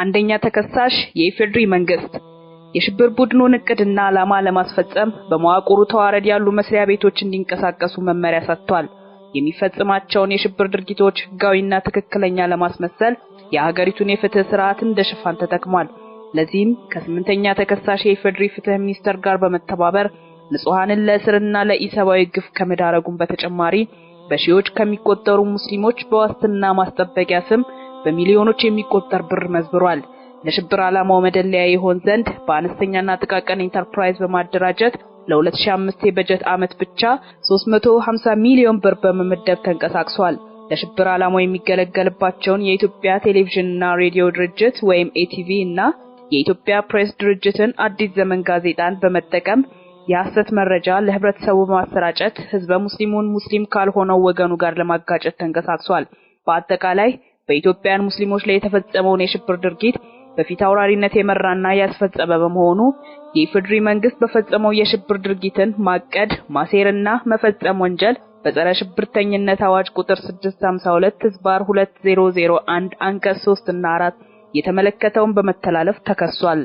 አንደኛ ተከሳሽ የኢፌድሪ መንግስት የሽብር ቡድኑን እቅድና ዓላማ ለማስፈጸም በመዋቅሩ ተዋረድ ያሉ መስሪያ ቤቶች እንዲንቀሳቀሱ መመሪያ ሰጥቷል። የሚፈጽማቸውን የሽብር ድርጊቶች ህጋዊና ትክክለኛ ለማስመሰል የሀገሪቱን የፍትህ ስርዓት እንደ ሽፋን ተጠቅሟል። ለዚህም ከስምንተኛ ተከሳሽ የኢፌድሪ ፍትህ ሚኒስቴር ጋር በመተባበር ንጹሐንን ለእስርና ለኢሰብአዊ ግፍ ከመዳረጉም በተጨማሪ በሺዎች ከሚቆጠሩ ሙስሊሞች በዋስትና ማስጠበቂያ ስም በሚሊዮኖች የሚቆጠር ብር መዝብሯል። ለሽብር ዓላማው መደለያ ይሆን ዘንድ በአነስተኛና ጥቃቅን ኢንተርፕራይዝ በማደራጀት ለ2005 የበጀት ዓመት ብቻ 350 ሚሊዮን ብር በመመደብ ተንቀሳቅሷል። ለሽብር ዓላማው የሚገለገልባቸውን የኢትዮጵያ ቴሌቪዥንና ሬዲዮ ድርጅት ወይም ኤቲቪ እና የኢትዮጵያ ፕሬስ ድርጅትን አዲስ ዘመን ጋዜጣን በመጠቀም የሐሰት መረጃ ለህብረተሰቡ በማሰራጨት ህዝበ ሙስሊሙን ሙስሊም ካልሆነው ወገኑ ጋር ለማጋጨት ተንቀሳቅሷል። በአጠቃላይ በኢትዮጵያን ሙስሊሞች ላይ የተፈጸመውን የሽብር ድርጊት በፊት አውራሪነት የመራና ያስፈጸመ በመሆኑ የኢፌዴሪ መንግስት በፈጸመው የሽብር ድርጊትን ማቀድ ማሴርና መፈጸም ወንጀል በጸረ ሽብርተኝነት አዋጅ ቁጥር 652 ህዝባር 2001 አንቀጽ 3 እና 4 የተመለከተውን በመተላለፍ ተከሷል።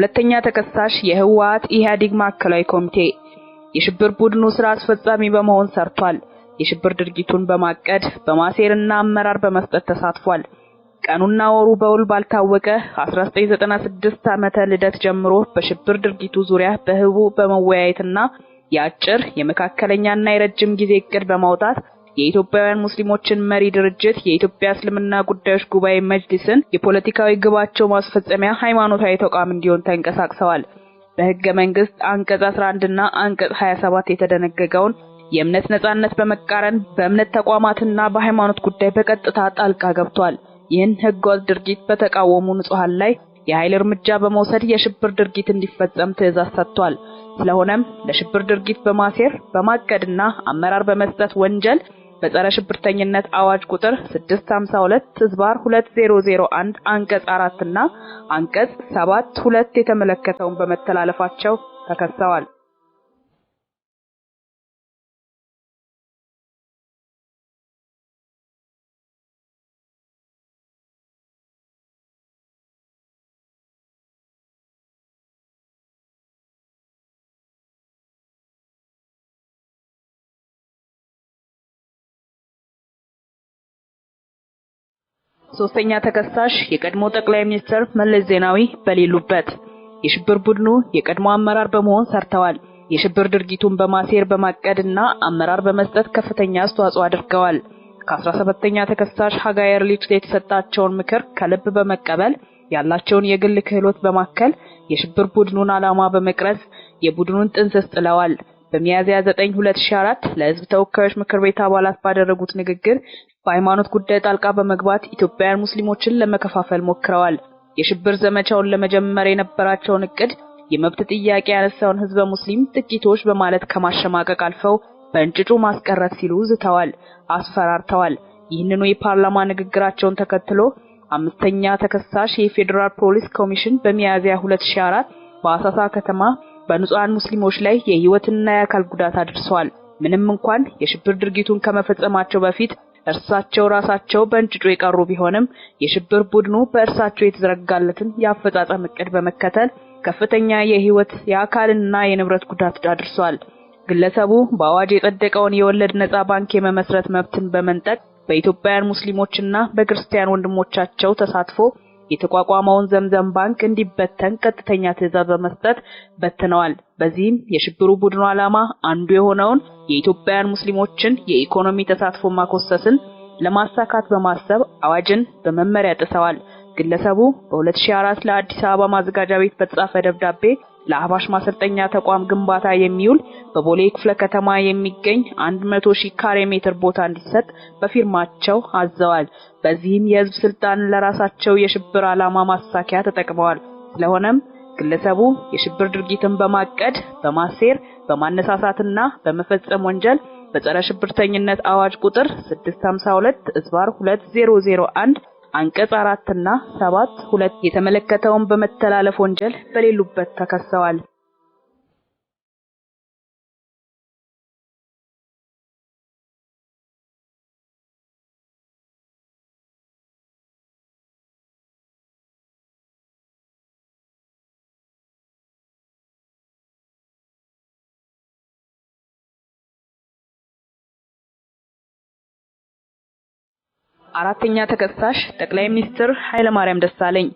ሁለተኛ ተከሳሽ የህወሓት ኢህአዴግ ማዕከላዊ ኮሚቴ የሽብር ቡድኑ ስራ አስፈጻሚ በመሆን ሰርቷል። የሽብር ድርጊቱን በማቀድ በማሴርና አመራር በመስጠት ተሳትፏል። ቀኑና ወሩ በውል ባልታወቀ 1996 ዓመተ ልደት ጀምሮ በሽብር ድርጊቱ ዙሪያ በህቡ በመወያየትና የአጭር የመካከለኛና የረጅም ጊዜ እቅድ በማውጣት የኢትዮጵያውያን ሙስሊሞችን መሪ ድርጅት የኢትዮጵያ እስልምና ጉዳዮች ጉባኤ መጅሊስን የፖለቲካዊ ግባቸው ማስፈጸሚያ ሃይማኖታዊ ተቋም እንዲሆን ተንቀሳቅሰዋል። በህገ መንግስት አንቀጽ 11 እና አንቀጽ 27 የተደነገገውን የእምነት ነጻነት በመቃረን በእምነት ተቋማትና በሃይማኖት ጉዳይ በቀጥታ ጣልቃ ገብቷል። ይህን ህገ ድርጊት በተቃወሙ ንጹሃን ላይ የኃይል እርምጃ በመውሰድ የሽብር ድርጊት እንዲፈጸም ትዕዛዝ ሰጥቷል። ስለሆነም ለሽብር ድርጊት በማሴር በማቀድና አመራር በመስጠት ወንጀል በጸረ ሽብርተኝነት አዋጅ ቁጥር 652 ህዝባር 2001 አንቀጽ 4 እና አንቀጽ 7 የተመለከተውን በመተላለፋቸው ተከሰዋል። ሶስተኛ ተከሳሽ የቀድሞ ጠቅላይ ሚኒስትር መለስ ዜናዊ በሌሉበት የሽብር ቡድኑ የቀድሞ አመራር በመሆን ሰርተዋል። የሽብር ድርጊቱን በማሴር በማቀድና አመራር በመስጠት ከፍተኛ አስተዋጽኦ አድርገዋል። ከ17ኛ ተከሳሽ ሀጋይ ኤርሊክስ የተሰጣቸውን ምክር ከልብ በመቀበል ያላቸውን የግል ክህሎት በማከል የሽብር ቡድኑን ዓላማ በመቅረጽ የቡድኑን ጥንስስ ጥለዋል። በሚያዝያ 9 2004 ለህዝብ ተወካዮች ምክር ቤት አባላት ባደረጉት ንግግር በሃይማኖት ጉዳይ ጣልቃ በመግባት ኢትዮጵያውያን ሙስሊሞችን ለመከፋፈል ሞክረዋል። የሽብር ዘመቻውን ለመጀመር የነበራቸውን እቅድ የመብት ጥያቄ ያነሳውን ህዝበ ሙስሊም ጥቂቶች በማለት ከማሸማቀቅ አልፈው በእንጭጩ ማስቀረት ሲሉ ዝተዋል፣ አስፈራርተዋል። ይህንኑ የፓርላማ ንግግራቸውን ተከትሎ አምስተኛ ተከሳሽ የፌዴራል ፖሊስ ኮሚሽን በሚያዝያ 2004 በአሳሳ ከተማ በንጹሃን ሙስሊሞች ላይ የህይወትና የአካል ጉዳት አድርሰዋል። ምንም እንኳን የሽብር ድርጊቱን ከመፈጸማቸው በፊት እርሳቸው ራሳቸው በእንጭጩ የቀሩ ቢሆንም የሽብር ቡድኑ በእርሳቸው የተዘረጋለትን የአፈጻጸም እቅድ በመከተል ከፍተኛ የህይወት የአካልና የንብረት ጉዳት አድርሷል። ግለሰቡ በአዋጅ የጸደቀውን የወለድ ነጻ ባንክ የመመስረት መብትን በመንጠቅ በኢትዮጵያውያን ሙስሊሞችና በክርስቲያን ወንድሞቻቸው ተሳትፎ የተቋቋመውን ዘምዘም ባንክ እንዲበተን ቀጥተኛ ትዕዛዝ በመስጠት በትነዋል። በዚህም የሽብሩ ቡድኑ ዓላማ አንዱ የሆነውን የኢትዮጵያውያን ሙስሊሞችን የኢኮኖሚ ተሳትፎ ማኮሰስን ለማሳካት በማሰብ አዋጅን በመመሪያ ጥሰዋል። ግለሰቡ በ2004 ለአዲስ አበባ ማዘጋጃ ቤት በተጻፈ ደብዳቤ ለአባሽ ማሰልጠኛ ተቋም ግንባታ የሚውል በቦሌ ክፍለ ከተማ የሚገኝ 100 ሺህ ካሬ ሜትር ቦታ እንዲሰጥ በፊርማቸው አዘዋል። በዚህም የህዝብ ስልጣን ለራሳቸው የሽብር ዓላማ ማሳኪያ ተጠቅመዋል። ስለሆነም ግለሰቡ የሽብር ድርጊትን በማቀድ በማሴር በማነሳሳትና በመፈጸም ወንጀል በጸረ ሽብርተኝነት አዋጅ ቁጥር 652 እዝባር 2001 አንቀጽ አራትና ሰባት ሁለት የተመለከተውን በመተላለፍ ወንጀል በሌሉበት ተከሰዋል። አራተኛ ተከሳሽ ጠቅላይ ሚኒስትር ኃይለማርያም ደሳለኝ።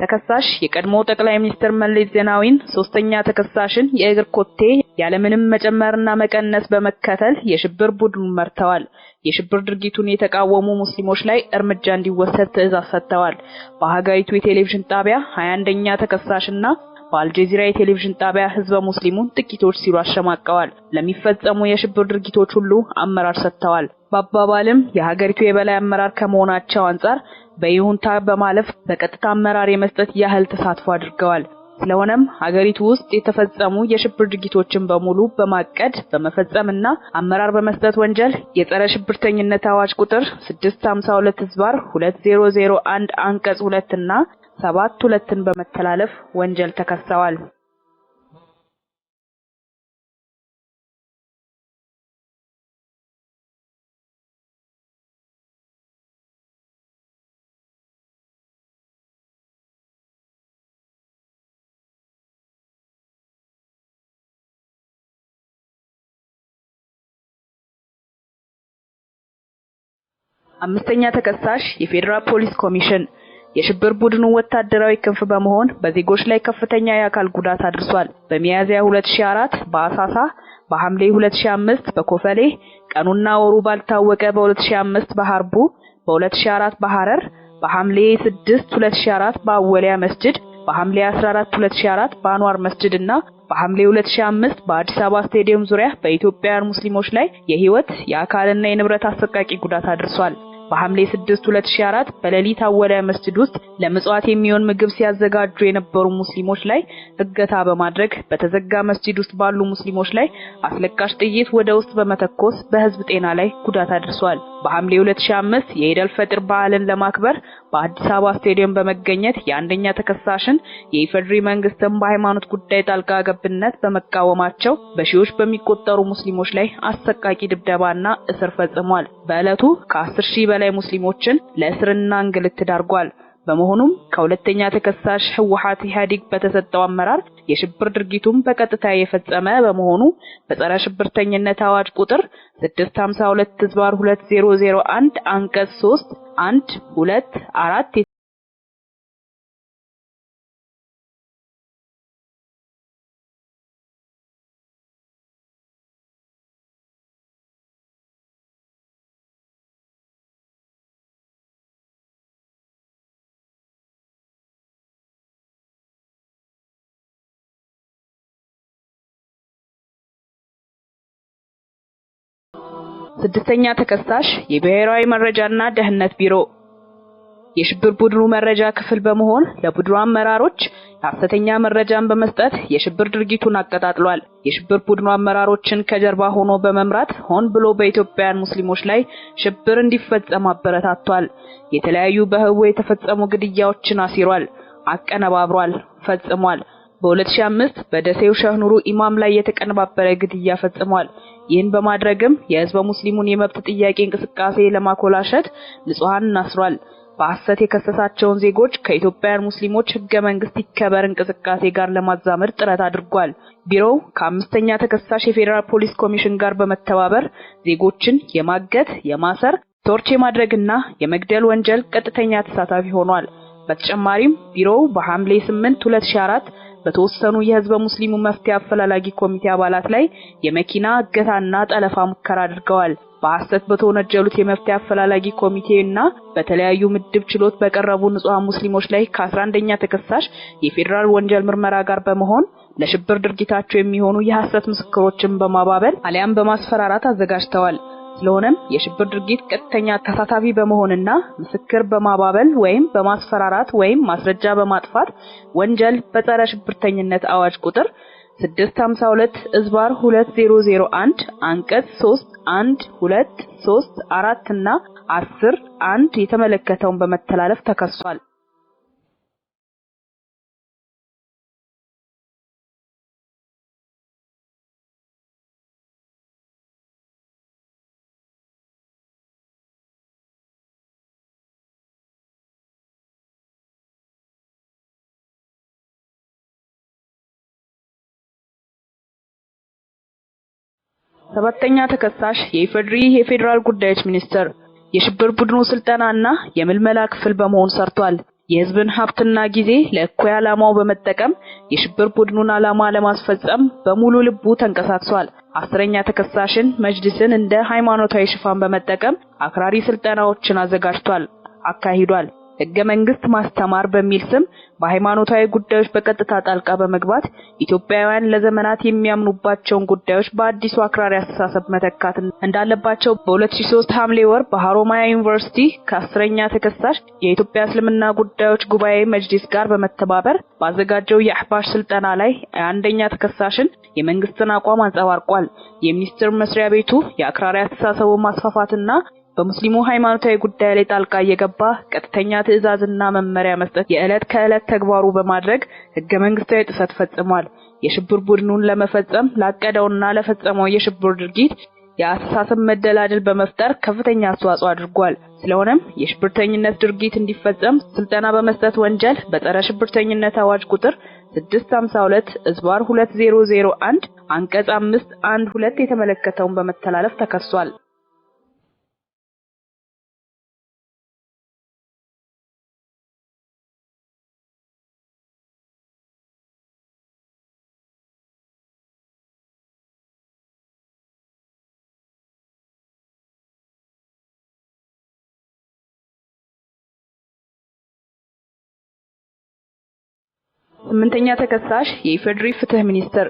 ተከሳሽ የቀድሞ ጠቅላይ ሚኒስትር መለስ ዜናዊን፣ ሶስተኛ ተከሳሽን የእግር ኮቴ ያለምንም መጨመርና መቀነስ በመከተል የሽብር ቡድኑን መርተዋል። የሽብር ድርጊቱን የተቃወሙ ሙስሊሞች ላይ እርምጃ እንዲወሰድ ትዕዛዝ ሰጥተዋል። በሀገሪቱ የቴሌቪዥን ጣቢያ 21ኛ ተከሳሽና በአልጀዚራ የቴሌቪዥን ጣቢያ ህዝበ ሙስሊሙን ጥቂቶች ሲሉ አሸማቀዋል። ለሚፈጸሙ የሽብር ድርጊቶች ሁሉ አመራር ሰጥተዋል። በአባባልም የሀገሪቱ የበላይ አመራር ከመሆናቸው አንጻር በይሁንታ በማለፍ በቀጥታ አመራር የመስጠት ያህል ተሳትፎ አድርገዋል። ስለሆነም ሀገሪቱ ውስጥ የተፈጸሙ የሽብር ድርጊቶችን በሙሉ በማቀድ በመፈጸምና አመራር በመስጠት ወንጀል የጸረ ሽብርተኝነት አዋጅ ቁጥር 652 ህዝባር 2001 አንቀጽ 2 እና ሰባት ሁለትን በመተላለፍ ወንጀል ተከሰዋል አምስተኛ ተከሳሽ የፌዴራል ፖሊስ ኮሚሽን የሽብር ቡድኑ ወታደራዊ ክንፍ በመሆን በዜጎች ላይ ከፍተኛ የአካል ጉዳት አድርሷል። በሚያዝያ 2004 በአሳሳ፣ በሐምሌ 2005 በኮፈሌ፣ ቀኑና ወሩ ባልታወቀ በ2005 በሐርቡ፣ በ2004 በሐረር፣ በሐምሌ 6 2004 በአወሊያ መስጅድ፣ በሐምሌ 14 2004 በአንዋር መስጅድ እና በሐምሌ 2005 በአዲስ አበባ ስቴዲየም ዙሪያ በኢትዮጵያውያን ሙስሊሞች ላይ የህይወት የአካልና የንብረት አሰቃቂ ጉዳት አድርሷል። በሐምሌ 6 2004 በሌሊት አወለ መስጂድ ውስጥ ለምጽዋት የሚሆን ምግብ ሲያዘጋጁ የነበሩ ሙስሊሞች ላይ እገታ በማድረግ በተዘጋ መስጂድ ውስጥ ባሉ ሙስሊሞች ላይ አስለቃሽ ጥይት ወደ ውስጥ በመተኮስ በህዝብ ጤና ላይ ጉዳት አድርሷል። በሐምሌ 2005 የኢደል ፈጥር በዓልን ለማክበር በአዲስ አበባ ስቴዲየም በመገኘት የአንደኛ ተከሳሽን የኢፌዴሪ መንግስትን በሃይማኖት ጉዳይ ጣልቃ ገብነት በመቃወማቸው በሺዎች በሚቆጠሩ ሙስሊሞች ላይ አሰቃቂ ድብደባና እስር ፈጽሟል። በዕለቱ ከአስር ሺህ በላይ ሙስሊሞችን ለእስርና እንግልት ዳርጓል። በመሆኑም ከሁለተኛ ተከሳሽ ህወሓት ኢህአዴግ በተሰጠው አመራር የሽብር ድርጊቱን በቀጥታ የፈጸመ በመሆኑ በጸረ ሽብርተኝነት አዋጅ ቁጥር 652 ህዝባር 2001 አንቀጽ 3 አንድ ሁለት አራት ስድስተኛ ተከሳሽ የብሔራዊ መረጃና ደህንነት ቢሮ የሽብር ቡድኑ መረጃ ክፍል በመሆን ለቡድኑ አመራሮች ሐሰተኛ መረጃን በመስጠት የሽብር ድርጊቱን አቀጣጥሏል። የሽብር ቡድኑ አመራሮችን ከጀርባ ሆኖ በመምራት ሆን ብሎ በኢትዮጵያውያን ሙስሊሞች ላይ ሽብር እንዲፈጸም አበረታቷል። የተለያዩ በህወ የተፈጸሙ ግድያዎችን አሲሯል፣ አቀነባብሯል፣ ፈጽሟል። በ2005 በደሴው ሸህኑሩ ኢማም ላይ የተቀነባበረ ግድያ ፈጽሟል። ይህን በማድረግም የህዝበ ሙስሊሙን የመብት ጥያቄ እንቅስቃሴ ለማኮላሸት ንጹሐንን አስሯል። በሐሰት የከሰሳቸውን ዜጎች ከኢትዮጵያውያን ሙስሊሞች ህገ መንግስት ይከበር እንቅስቃሴ ጋር ለማዛመድ ጥረት አድርጓል። ቢሮው ከአምስተኛ ተከሳሽ የፌዴራል ፖሊስ ኮሚሽን ጋር በመተባበር ዜጎችን የማገት፣ የማሰር፣ ቶርቼ ማድረግና የመግደል ወንጀል ቀጥተኛ ተሳታፊ ሆኗል። በተጨማሪም ቢሮው በሐምሌ 8 2004 በተወሰኑ የህዝበ ሙስሊሙ መፍትሄ አፈላላጊ ኮሚቴ አባላት ላይ የመኪና እገታና ጠለፋ ሙከራ አድርገዋል። በሐሰት በተወነጀሉት የመፍትሄ አፈላላጊ ኮሚቴ እና በተለያዩ ምድብ ችሎት በቀረቡ ንጹሃ ሙስሊሞች ላይ ከ11ኛ ተከሳሽ የፌዴራል ወንጀል ምርመራ ጋር በመሆን ለሽብር ድርጊታቸው የሚሆኑ የሐሰት ምስክሮችን በማባበል አሊያም በማስፈራራት አዘጋጅተዋል። ስለሆነም የሽብር ድርጊት ቀጥተኛ ተሳታፊ በመሆንና ምስክር በማባበል ወይም በማስፈራራት ወይም ማስረጃ በማጥፋት ወንጀል በጸረ ሽብርተኝነት አዋጅ ቁጥር 652 እዝባር 2001 አንቀጽ 3 1 2 3 4 እና 10 1 የተመለከተውን በመተላለፍ ተከሷል። ሰባተኛ ተከሳሽ የኢፌዴሪ የፌዴራል ጉዳዮች ሚኒስቴር የሽብር ቡድኑ ስልጠና እና የምልመላ ክፍል በመሆን ሰርቷል። የህዝብን ሀብትና ጊዜ ለእኩይ ዓላማው በመጠቀም የሽብር ቡድኑን ዓላማ ለማስፈጸም በሙሉ ልቡ ተንቀሳቅሷል። አስረኛ ተከሳሽን መጅልስን እንደ ሃይማኖታዊ ሽፋን በመጠቀም አክራሪ ስልጠናዎችን አዘጋጅቷል፣ አካሂዷል። ህገ መንግስት ማስተማር በሚል ስም በሃይማኖታዊ ጉዳዮች በቀጥታ ጣልቃ በመግባት ኢትዮጵያውያን ለዘመናት የሚያምኑባቸውን ጉዳዮች በአዲሱ አክራሪ አስተሳሰብ መተካት እንዳለባቸው በ2003 ሐምሌ ወር በሀሮማያ ዩኒቨርሲቲ ከአስረኛ ተከሳሽ የኢትዮጵያ እስልምና ጉዳዮች ጉባኤ መጅሊስ ጋር በመተባበር ባዘጋጀው የአሕባሽ ስልጠና ላይ የአንደኛ ተከሳሽን የመንግስትን አቋም አንጸባርቋል። የሚኒስቴር መስሪያ ቤቱ የአክራሪ አስተሳሰቡ ማስፋፋትና በሙስሊሙ ሃይማኖታዊ ጉዳይ ላይ ጣልቃ እየገባ ቀጥተኛ ትዕዛዝና መመሪያ መስጠት የዕለት ከዕለት ተግባሩ በማድረግ ህገ መንግስታዊ ጥሰት ፈጽሟል። የሽብር ቡድኑን ለመፈጸም ላቀደውና ለፈጸመው የሽብር ድርጊት የአስተሳሰብ መደላደል በመፍጠር ከፍተኛ አስተዋጽኦ አድርጓል። ስለሆነም የሽብርተኝነት ድርጊት እንዲፈጸም ስልጠና በመስጠት ወንጀል በጸረ ሽብርተኝነት አዋጅ ቁጥር 652 እዝባር 2001 አንቀጽ 5 1 2 የተመለከተውን በመተላለፍ ተከሷል። ስምንተኛ ተከሳሽ የኢፌዴሪ ፍትህ ሚኒስቴር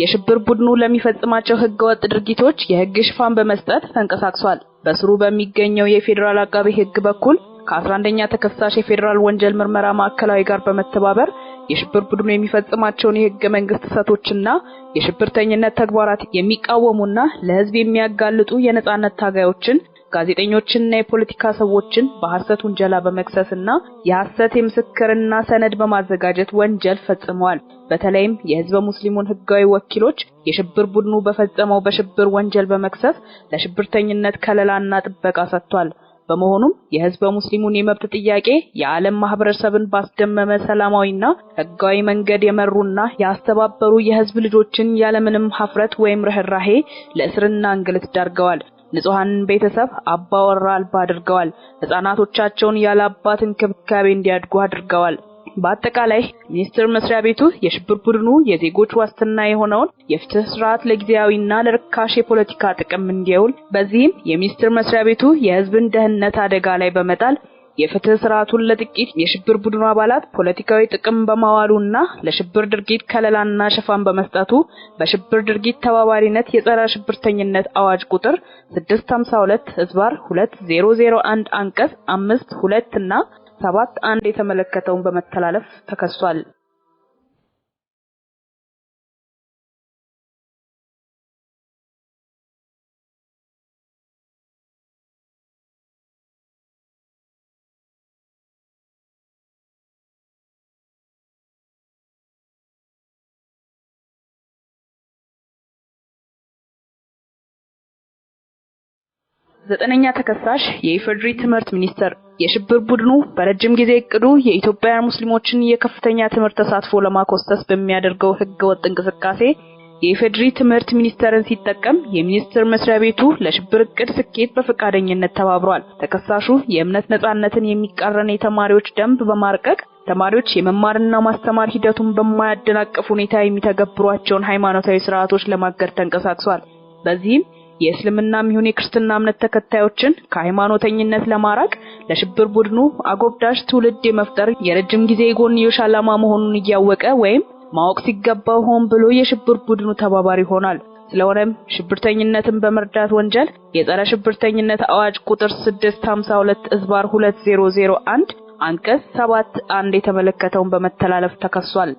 የሽብር ቡድኑ ለሚፈጽማቸው ህገወጥ ድርጊቶች የህግ ሽፋን በመስጠት ተንቀሳቅሷል። በስሩ በሚገኘው የፌዴራል አቃቤ ህግ በኩል ከ11ኛ ተከሳሽ የፌዴራል ወንጀል ምርመራ ማዕከላዊ ጋር በመተባበር የሽብር ቡድኑ የሚፈጽማቸውን የህገ መንግስት ጥሰቶችና የሽብርተኝነት ተግባራት የሚቃወሙና ለህዝብ የሚያጋልጡ የነጻነት ታጋዮችን ጋዜጠኞችንና የፖለቲካ ሰዎችን በሐሰት ውንጀላ በመክሰስና የሐሰት የምስክርና ሰነድ በማዘጋጀት ወንጀል ፈጽመዋል። በተለይም የህዝበ ሙስሊሙን ህጋዊ ወኪሎች የሽብር ቡድኑ በፈጸመው በሽብር ወንጀል በመክሰስ ለሽብርተኝነት ከለላና ጥበቃ ሰጥቷል። በመሆኑም የህዝበ ሙስሊሙን የመብት ጥያቄ የዓለም ማህበረሰብን ባስደመመ ሰላማዊና ህጋዊ መንገድ የመሩና ያስተባበሩ የህዝብ ልጆችን ያለምንም ሀፍረት ወይም ርህራሄ ለእስርና እንግልት ዳርገዋል። ንጹሐንን ቤተሰብ አባወራ አልባ አድርገዋል። ህጻናቶቻቸውን ያለ አባት እንክብካቤ እንዲያድጉ አድርገዋል። በአጠቃላይ ሚኒስቴር መስሪያ ቤቱ የሽብር ቡድኑ የዜጎች ዋስትና የሆነውን የፍትህ ስርዓት ለጊዜያዊና ለርካሽ የፖለቲካ ጥቅም እንዲውል፣ በዚህም የሚኒስቴር መስሪያ ቤቱ የህዝብን ደህንነት አደጋ ላይ በመጣል የፍትህ ስርዓቱን ለጥቂት የሽብር ቡድኑ አባላት ፖለቲካዊ ጥቅም በማዋሉና ለሽብር ድርጊት ከለላና ሽፋን በመስጠቱ በሽብር ድርጊት ተባባሪነት የጸረ ሽብርተኝነት አዋጅ ቁጥር 652 ህዝባር 2001 አንቀጽ 5 2 እና 71 የተመለከተውን በመተላለፍ ተከሷል። ዘጠነኛ ተከሳሽ የኢፌዴሪ ትምህርት ሚኒስቴር የሽብር ቡድኑ በረጅም ጊዜ እቅዱ የኢትዮጵያውያን ሙስሊሞችን የከፍተኛ ትምህርት ተሳትፎ ለማኮሰስ በሚያደርገው ህገወጥ እንቅስቃሴ የኢፌዴሪ ትምህርት ሚኒስቴርን ሲጠቀም የሚኒስቴር መስሪያ ቤቱ ለሽብር እቅድ ስኬት በፈቃደኝነት ተባብሯል። ተከሳሹ የእምነት ነጻነትን የሚቃረን የተማሪዎች ደንብ በማርቀቅ ተማሪዎች የመማርና ማስተማር ሂደቱን በማያደናቅፍ ሁኔታ የሚተገብሯቸውን ሃይማኖታዊ ስርዓቶች ለማገድ ተንቀሳቅሷል። በዚህም የእስልምናም ይሁን የክርስትና እምነት ተከታዮችን ከሃይማኖተኝነት ለማራቅ ለሽብር ቡድኑ አጎብዳሽ ትውልድ የመፍጠር የረጅም ጊዜ የጎንዮሽ ዓላማ መሆኑን እያወቀ ወይም ማወቅ ሲገባው ሆን ብሎ የሽብር ቡድኑ ተባባሪ ይሆናል። ስለሆነም ሽብርተኝነትን በመርዳት ወንጀል የጸረ ሽብርተኝነት አዋጅ ቁጥር 652 እዝባር 2001 አንቀጽ 7 አንድ የተመለከተውን በመተላለፍ ተከሷል።